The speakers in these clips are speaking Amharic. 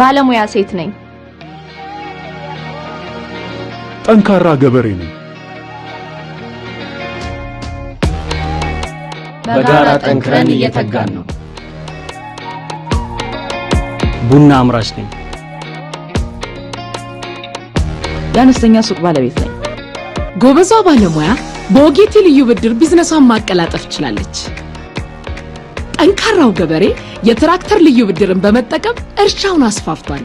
ባለሙያ ሴት ነኝ። ጠንካራ ገበሬ ነኝ። በጋራ ጠንክረን እየተጋን ነው። ቡና አምራች ነኝ። የአነስተኛ ሱቅ ባለቤት ነኝ። ጎበዟ ባለሙያ በወጌቴ ልዩ ብድር ቢዝነሷን ማቀላጠፍ ችላለች። ጠንካራው ገበሬ የትራክተር ልዩ ብድርን በመጠቀም እርሻውን አስፋፍቷል።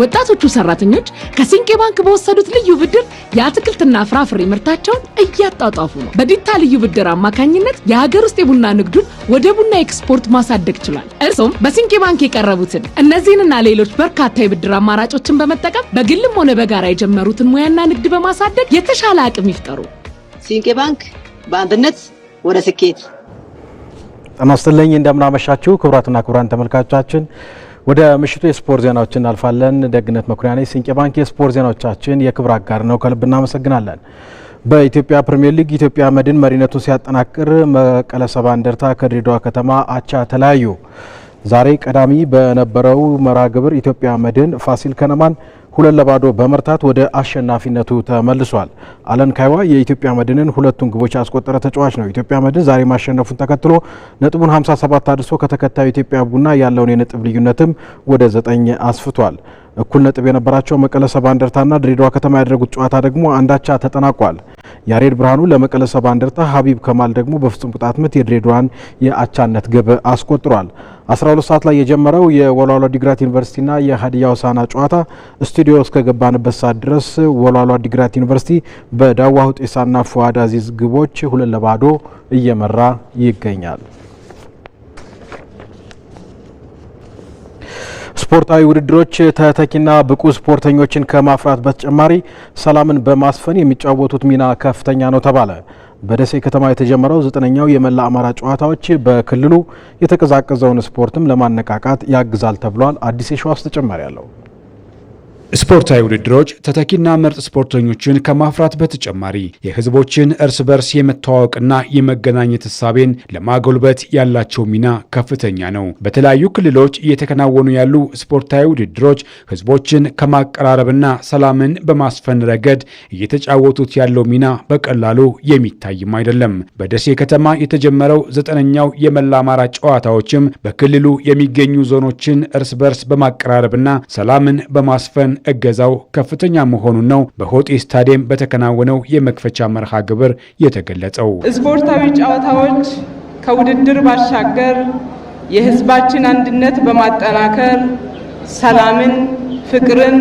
ወጣቶቹ ሰራተኞች ከሲንቄ ባንክ በወሰዱት ልዩ ብድር የአትክልትና ፍራፍሬ ምርታቸውን እያጣጣፉ ነው። በዲታ ልዩ ብድር አማካኝነት የሀገር ውስጥ የቡና ንግዱን ወደ ቡና ኤክስፖርት ማሳደግ ችሏል። እርሶም በሲንቄ ባንክ የቀረቡትን እነዚህንና ሌሎች በርካታ የብድር አማራጮችን በመጠቀም በግልም ሆነ በጋራ የጀመሩትን ሙያና ንግድ በማሳደግ የተሻለ አቅም ይፍጠሩ። ሲንቄ ባንክ በአንድነት ወደ ስኬት ጤና ይስጥልኝ እንደምናመሻችሁ ክቡራትና ክቡራን ተመልካቾቻችን ወደ ምሽቱ የስፖርት ዜናዎች እናልፋለን። ደግነት መኩሪያ ነኝ። ሲንቄ ባንክ የስፖርት ዜናዎቻችን የክብር አጋር ነው። ከልብ እናመሰግናለን። በኢትዮጵያ ፕሪምየር ሊግ ኢትዮጵያ መድን መሪነቱን ሲያጠናቅር መቀለ ሰባ እንደርታ ከድሬዳዋ ከተማ አቻ ተለያዩ። ዛሬ ቀዳሚ በነበረው መርሃ ግብር ኢትዮጵያ መድን ፋሲል ከነማን ሁለት ለባዶ በመርታት ወደ አሸናፊነቱ ተመልሷል። አለን ካይዋ የኢትዮጵያ መድንን ሁለቱን ግቦች ያስቆጠረ ተጫዋች ነው። ኢትዮጵያ መድን ዛሬ ማሸነፉን ተከትሎ ነጥቡን 57 አድርሶ ከተከታዩ ኢትዮጵያ ቡና ያለውን የነጥብ ልዩነትም ወደ ዘጠኝ አስፍቷል። እኩል ነጥብ የነበራቸው መቀለ ሰባ እንደርታና ድሬዳዋ ከተማ ያደረጉት ጨዋታ ደግሞ አንዳቻ ተጠናቋል። ያሬድ ብርሃኑ ለመቀለ ሰባ እንደርታ፣ ሀቢብ ከማል ደግሞ በፍጹም ቅጣት ምት የድሬዳዋን የአቻነት ግብ አስቆጥሯል። 12 ሰዓት ላይ የጀመረው የወሏሏ ዲግራት ዩኒቨርሲቲና የሀዲያ ውሳና ጨዋታ ስቱዲዮ እስከገባንበት ሰዓት ድረስ ወሏሏ ዲግራት ዩኒቨርሲቲ በዳዋ ሁጤሳና ፉአድ አዚዝ ግቦች ሁለት ለባዶ እየመራ ይገኛል። ስፖርታዊ ውድድሮች ተተኪና ብቁ ስፖርተኞችን ከማፍራት በተጨማሪ ሰላምን በማስፈን የሚጫወቱት ሚና ከፍተኛ ነው ተባለ። በደሴ ከተማ የተጀመረው ዘጠነኛው የመላ አማራ ጨዋታዎች በክልሉ የተቀዛቀዘውን ስፖርትም ለማነቃቃት ያግዛል ተብሏል። አዲስ የሸዋስ ተጨማሪ አለው። ስፖርታዊ ውድድሮች ተተኪና ምርጥ ስፖርተኞችን ከማፍራት በተጨማሪ የህዝቦችን እርስ በርስ የመተዋወቅና የመገናኘት እሳቤን ለማጎልበት ያላቸው ሚና ከፍተኛ ነው። በተለያዩ ክልሎች እየተከናወኑ ያሉ ስፖርታዊ ውድድሮች ህዝቦችን ከማቀራረብና ሰላምን በማስፈን ረገድ እየተጫወቱት ያለው ሚና በቀላሉ የሚታይም አይደለም። በደሴ ከተማ የተጀመረው ዘጠነኛው የመላ አማራ ጨዋታዎችም በክልሉ የሚገኙ ዞኖችን እርስ በርስ በማቀራረብና ሰላምን በማስፈን እገዛው ከፍተኛ መሆኑን ነው በሆጤ ስታዲየም በተከናወነው የመክፈቻ መርሃ ግብር የተገለጸው። ስፖርታዊ ጨዋታዎች ከውድድር ባሻገር የሕዝባችን አንድነት በማጠናከር ሰላምን፣ ፍቅርን፣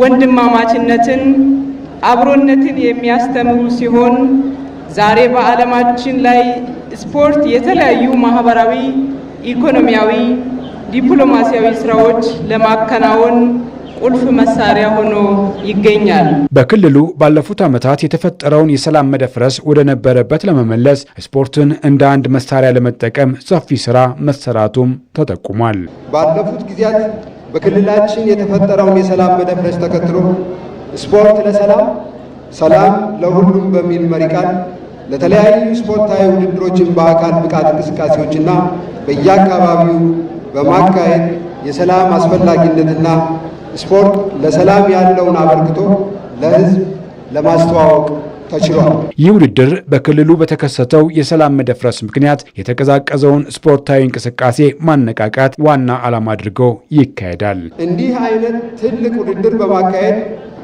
ወንድማማችነትን፣ አብሮነትን የሚያስተምሩ ሲሆን ዛሬ በዓለማችን ላይ ስፖርት የተለያዩ ማህበራዊ፣ ኢኮኖሚያዊ፣ ዲፕሎማሲያዊ ስራዎች ለማከናወን ቁልፍ መሳሪያ ሆኖ ይገኛል። በክልሉ ባለፉት ዓመታት የተፈጠረውን የሰላም መደፍረስ ወደ ነበረበት ለመመለስ ስፖርትን እንደ አንድ መሳሪያ ለመጠቀም ሰፊ ስራ መሰራቱም ተጠቁሟል። ባለፉት ጊዜያት በክልላችን የተፈጠረውን የሰላም መደፍረስ ተከትሎ ስፖርት ለሰላም ሰላም ለሁሉም በሚል መሪ ቃል ለተለያዩ ስፖርታዊ ውድድሮችን በአካል ብቃት እንቅስቃሴዎችና በየአካባቢው በማካሄድ የሰላም አስፈላጊነትና ስፖርት ለሰላም ያለውን አበርክቶ ለህዝብ ለማስተዋወቅ ተችሏል። ይህ ውድድር በክልሉ በተከሰተው የሰላም መደፍረስ ምክንያት የተቀዛቀዘውን ስፖርታዊ እንቅስቃሴ ማነቃቃት ዋና ዓላማ አድርጎ ይካሄዳል። እንዲህ አይነት ትልቅ ውድድር በማካሄድ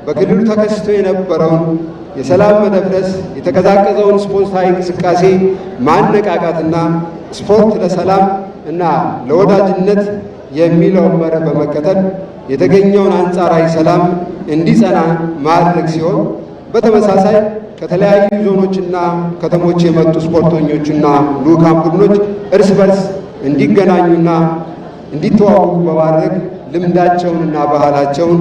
በክልሉ ተከስቶ የነበረውን የሰላም መደፍረስ የተቀዛቀዘውን ስፖርታዊ እንቅስቃሴ ማነቃቃትና ስፖርት ለሰላም እና ለወዳጅነት የሚለውን መርህ በመከተል የተገኘውን አንጻራዊ ሰላም እንዲጸና ማድረግ ሲሆን በተመሳሳይ ከተለያዩ ዞኖችና ከተሞች የመጡ ስፖርተኞችና ልዑካን ቡድኖች እርስ በርስ እንዲገናኙና እንዲተዋወቁ በማድረግ ልምዳቸውንና ባህላቸውን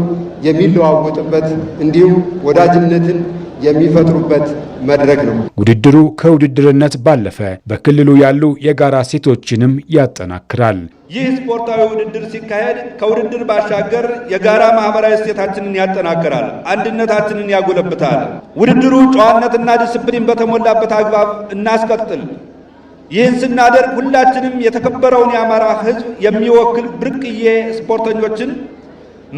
የሚለዋወጥበት እንዲሁም ወዳጅነትን የሚፈጥሩበት መድረክ ነው። ውድድሩ ከውድድርነት ባለፈ በክልሉ ያሉ የጋራ ሴቶችንም ያጠናክራል። ይህ ስፖርታዊ ውድድር ሲካሄድ ከውድድር ባሻገር የጋራ ማህበራዊ እሴታችንን ያጠናክራል፣ አንድነታችንን ያጎለብታል። ውድድሩ ጨዋነትና ዲስፕሊን በተሞላበት አግባብ እናስቀጥል። ይህን ስናደርግ ሁላችንም የተከበረውን የአማራ ሕዝብ የሚወክል ብርቅዬ ስፖርተኞችን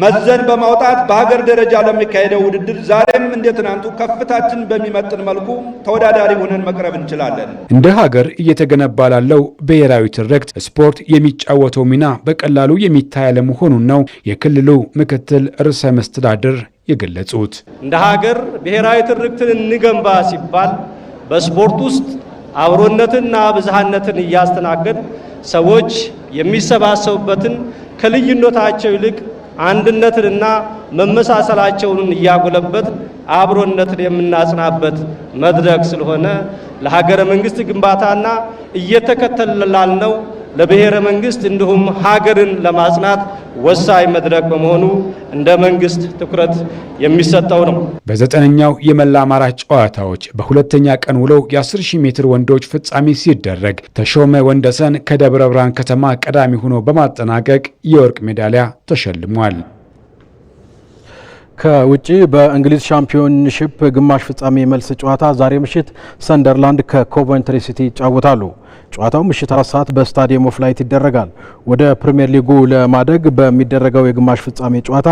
መዘን በማውጣት በሀገር ደረጃ ለሚካሄደው ውድድር ዛሬም እንደ ትናንቱ ከፍታችን በሚመጥን መልኩ ተወዳዳሪ ሆነን መቅረብ እንችላለን። እንደ ሀገር እየተገነባ ላለው ብሔራዊ ትርክት ስፖርት የሚጫወተው ሚና በቀላሉ የሚታይ አለመሆኑን ነው የክልሉ ምክትል ርዕሰ መስተዳድር የገለጹት። እንደ ሀገር ብሔራዊ ትርክትን እንገንባ ሲባል በስፖርት ውስጥ አብሮነትንና ብዝሃነትን እያስተናገድ ሰዎች የሚሰባሰቡበትን ከልዩነታቸው ይልቅ አንድነትንና መመሳሰላቸውን እያጎለበት አብሮነትን የምናጽናበት መድረክ ስለሆነ ለሀገረ መንግስት ግንባታና እየተከተለላል ነው። ለብሔረ መንግስት እንዲሁም ሀገርን ለማጽናት ወሳኝ መድረክ በመሆኑ እንደ መንግስት ትኩረት የሚሰጠው ነው። በዘጠነኛው የመላ አማራ ጨዋታዎች በሁለተኛ ቀን ውለው የ10 ሺህ ሜትር ወንዶች ፍጻሜ ሲደረግ ተሾመ ወንደሰን ከደብረ ብርሃን ከተማ ቀዳሚ ሆኖ በማጠናቀቅ የወርቅ ሜዳሊያ ተሸልሟል። ከውጪ በእንግሊዝ ሻምፒዮንሺፕ ግማሽ ፍጻሜ መልስ ጨዋታ ዛሬ ምሽት ሰንደርላንድ ከኮቨንትሪ ሲቲ ይጫወታሉ። ጨዋታው ምሽት አራት ሰዓት በስታዲየም ኦፍ ላይት ይደረጋል። ወደ ፕሪምየር ሊጉ ለማደግ በሚደረገው የግማሽ ፍጻሜ ጨዋታ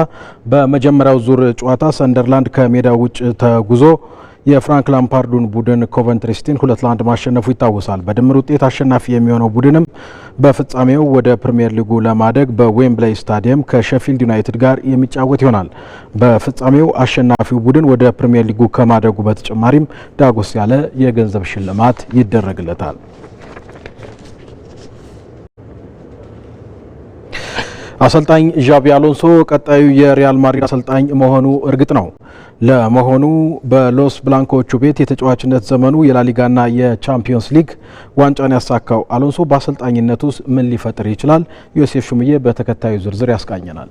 በመጀመሪያው ዙር ጨዋታ ሰንደርላንድ ከሜዳው ውጭ ተጉዞ የፍራንክ ላምፓርዱን ቡድን ኮቨንትሪ ሲቲን ሁለት ለአንድ ማሸነፉ ይታወሳል። በድምር ውጤት አሸናፊ የሚሆነው ቡድንም በፍጻሜው ወደ ፕሪምየር ሊጉ ለማደግ በዌምብላይ ስታዲየም ከሼፊልድ ዩናይትድ ጋር የሚጫወት ይሆናል። በፍጻሜው አሸናፊው ቡድን ወደ ፕሪምየር ሊጉ ከማደጉ በተጨማሪም ዳጎስ ያለ የገንዘብ ሽልማት ይደረግለታል። አሰልጣኝ ዣቢ አሎንሶ ቀጣዩ የሪያል ማድሪድ አሰልጣኝ መሆኑ እርግጥ ነው። ለመሆኑ በሎስ ብላንኮቹ ቤት የተጫዋችነት ዘመኑ የላሊጋና የቻምፒዮንስ ሊግ ዋንጫን ያሳካው አሎንሶ በአሰልጣኝነት ውስጥ ምን ሊፈጥር ይችላል? ዮሴፍ ሹምዬ በተከታዩ ዝርዝር ያስቃኘናል።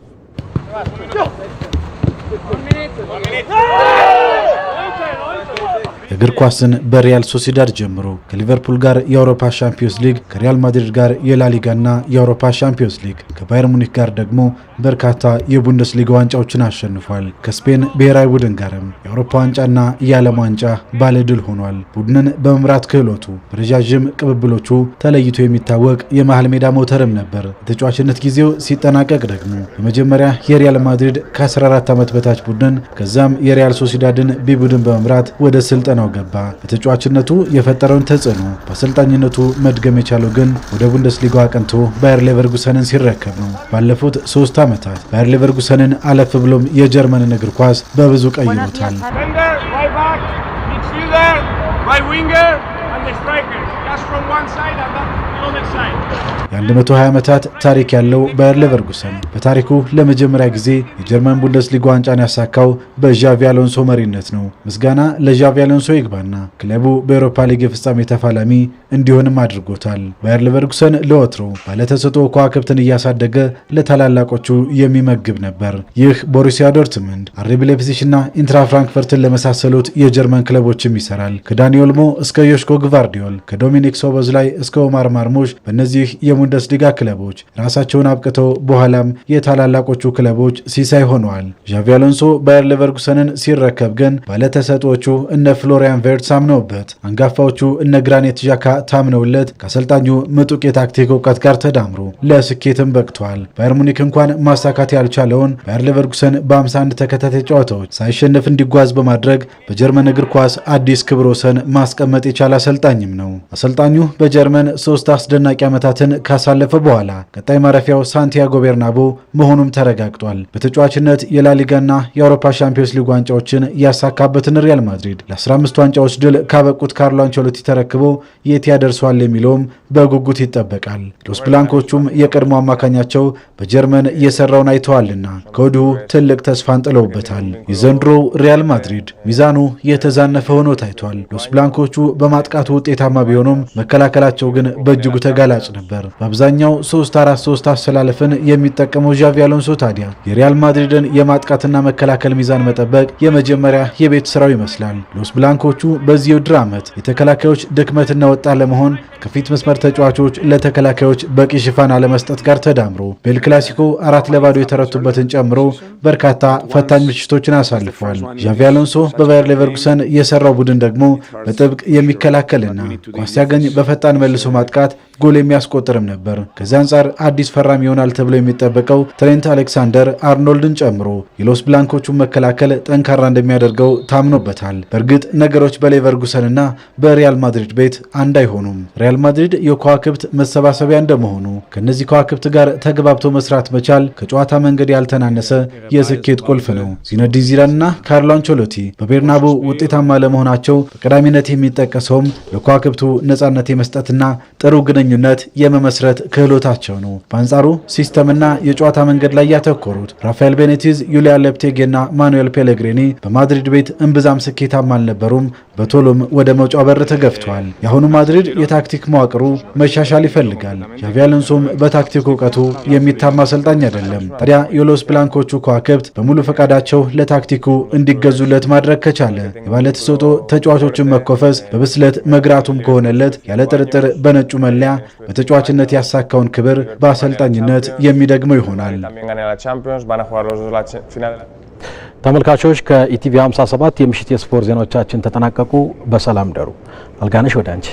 እግር ኳስን በሪያል ሶሲዳድ ጀምሮ ከሊቨርፑል ጋር የአውሮፓ ሻምፒዮንስ ሊግ፣ ከሪያል ማድሪድ ጋር የላሊጋና የአውሮፓ ሻምፒዮንስ ሊግ፣ ከባየር ሙኒክ ጋር ደግሞ በርካታ የቡንደስሊጋ ዋንጫዎችን አሸንፏል። ከስፔን ብሔራዊ ቡድን ጋርም የአውሮፓ ዋንጫና የዓለም ዋንጫ ባለድል ሆኗል። ቡድንን በመምራት ክህሎቱ በረዣዥም ቅብብሎቹ ተለይቶ የሚታወቅ የመሃል ሜዳ ሞተርም ነበር። የተጫዋችነት ጊዜው ሲጠናቀቅ ደግሞ በመጀመሪያ የሪያል ማድሪድ ከ14 ዓመት በታች ቡድን ከዛም የሪያል ሶሲዳድን ቢ ቡድን በመምራት ወደ ስልጠና ጣልቃው ገባ። በተጫዋችነቱ የፈጠረውን ተጽዕኖ በአሰልጣኝነቱ መድገም የቻለው ግን ወደ ቡንደስሊጋ አቅንቶ ባየር ሌቨርጉሰንን ሲረከብ ነው። ባለፉት ሶስት ዓመታት ባየር ሌቨርጉሰንን አለፍ ብሎም የጀርመንን እግር ኳስ በብዙ ቀይሮታል። ሚድፊልደር ዊንገር የ120 ዓመታት ታሪክ ያለው ባየር ሌቨርኩሰን በታሪኩ ለመጀመሪያ ጊዜ የጀርመን ቡንደስሊጋ ዋንጫን ያሳካው በዣቪ አሎንሶ መሪነት ነው። ምስጋና ለዣቪ አሎንሶ ይግባና ክለቡ በኤሮፓ ሊግ የፍጻሜ ተፋላሚ እንዲሆንም አድርጎታል። ባየር ሌቨርኩሰን ለወትሮ ባለተሰጥኦ ከዋክብትን እያሳደገ ለታላላቆቹ የሚመግብ ነበር። ይህ ቦሩሲያ ዶርትመንድ፣ አርቢ ላይፕዚግ እና ኢንትራ ፍራንክፈርትን ለመሳሰሉት የጀርመን ክለቦችም ይሰራል። ከዳኒ ኦልሞ እስከ ዮሽኮ ግቫርዲዮል፣ ከዶሚኒክ ሶቦዝ ላይ እስከ ኦማር ማርሙሽ በእነዚህ የቡንደስሊጋ ክለቦች ራሳቸውን አብቅተው በኋላም የታላላቆቹ ክለቦች ሲሳይ ሆነዋል። ዣቪ አሎንሶ ባየር ሌቨርኩሰንን ሲረከብ ግን ባለተሰጦቹ እነ ፍሎሪያን ቬርት ሳምነውበት፣ አንጋፋዎቹ እነ ግራኔት ዣካ ታምነውለት ከአሰልጣኙ ምጡቅ የታክቲክ እውቀት ጋር ተዳምሮ ለስኬትም በቅቷል። ባየር ሙኒክ እንኳን ማሳካት ያልቻለውን ባየር ሌቨርኩሰን በ51 ተከታታይ ጨዋታዎች ሳይሸነፍ እንዲጓዝ በማድረግ በጀርመን እግር ኳስ አዲስ ክብረ ወሰን ማስቀመጥ የቻለ አሰልጣኝም ነው። አሰልጣኙ በጀርመን ሶስት አስደናቂ ዓመታትን ካሳለፈ በኋላ ቀጣይ ማረፊያው ሳንቲያጎ ቤርናቦ መሆኑም ተረጋግጧል። በተጫዋችነት የላሊጋና የአውሮፓ ሻምፒዮንስ ሊግ ዋንጫዎችን እያሳካበትን ሪያል ማድሪድ ለ15 ዋንጫዎች ድል ካበቁት ካርሎ አንቸሎቲ ተረክቦ የት ያደርሷል የሚለውም በጉጉት ይጠበቃል። ሎስ ብላንኮቹም የቀድሞ አማካኛቸው በጀርመን እየሰራውን አይተዋልና ከወዲሁ ትልቅ ተስፋን ጥለውበታል። የዘንድሮው ሪያል ማድሪድ ሚዛኑ የተዛነፈ ሆኖ ታይቷል። ሎስ ብላንኮቹ በማጥቃቱ ውጤታማ ቢሆኑም መከላከላቸው ግን በእጅጉ ተጋላጭ ነበር። በአብዛኛው 3-4-3 አሰላለፍን የሚጠቀመው ዣቪ አሎንሶ ታዲያ የሪያል ማድሪድን የማጥቃትና መከላከል ሚዛን መጠበቅ የመጀመሪያ የቤት ስራው ይመስላል። ሎስ ብላንኮቹ በዚህ የውድድር ዓመት የተከላካዮች ድክመትና ወጣ ለመሆን ከፊት መስመር ተጫዋቾች ለተከላካዮች በቂ ሽፋን አለመስጠት ጋር ተዳምሮ ቤል ክላሲኮ አራት ለባዶ የተረቱበትን ጨምሮ በርካታ ፈታኝ ምሽቶችን አሳልፏል። ዣቪ አሎንሶ በባየር ሌቨርጉሰን የሰራው ቡድን ደግሞ በጥብቅ የሚከላከልና ኳስ ሲያገኝ በፈጣን መልሶ ማጥቃት ጎል የሚያስቆጥርም አልተሳካም ነበር። ከዚህ አንጻር አዲስ ፈራሚ ይሆናል ተብሎ የሚጠበቀው ትሬንት አሌክሳንደር አርኖልድን ጨምሮ የሎስ ብላንኮቹን መከላከል ጠንካራ እንደሚያደርገው ታምኖበታል። በእርግጥ ነገሮች በሌቨርጉሰንና በሪያል ማድሪድ ቤት አንድ አይሆኑም። ሪያል ማድሪድ የከዋክብት መሰባሰቢያ እንደመሆኑ ከእነዚህ ከዋክብት ጋር ተግባብቶ መስራት መቻል ከጨዋታ መንገድ ያልተናነሰ የስኬት ቁልፍ ነው። ዚነዲን ዚዳንና ካርሎ አንቸሎቲ በቤርናቡ ውጤታማ ለመሆናቸው በቀዳሚነት የሚጠቀሰውም ለከዋክብቱ ነጻነት የመስጠትና ጥሩ ግንኙነት የመመስ የመመስረት ክህሎታቸው ነው። በአንጻሩ ሲስተምና የጨዋታ መንገድ ላይ ያተኮሩት ራፋኤል ቤኔቲዝ፣ ዩሊያን ሎፔቴጊና ማኑኤል ፔሌግሪኒ በማድሪድ ቤት እምብዛም ስኬታም አልነበሩም። በቶሎም ወደ መውጫው በር ተገፍቷል። የአሁኑ ማድሪድ የታክቲክ መዋቅሩ መሻሻል ይፈልጋል። ዣቪ አሎንሶም በታክቲክ እውቀቱ የሚታማ አሰልጣኝ አይደለም። ታዲያ የሎስ ብላንኮቹ ከዋክብት በሙሉ ፈቃዳቸው ለታክቲኩ እንዲገዙለት ማድረግ ከቻለ የባለ ተጫዋቾችን መኮፈስ በብስለት መግራቱም ከሆነለት ያለ ጥርጥር በነጩ መለያ በተጫዋችነት ያሳካውን ክብር በአሰልጣኝነት የሚደግመው ይሆናል። ተመልካቾች ከኢቲቪ 57 የምሽት የስፖርት ዜናዎቻችን ተጠናቀቁ። በሰላም ደሩ። አልጋነሽ ወደ አንቺ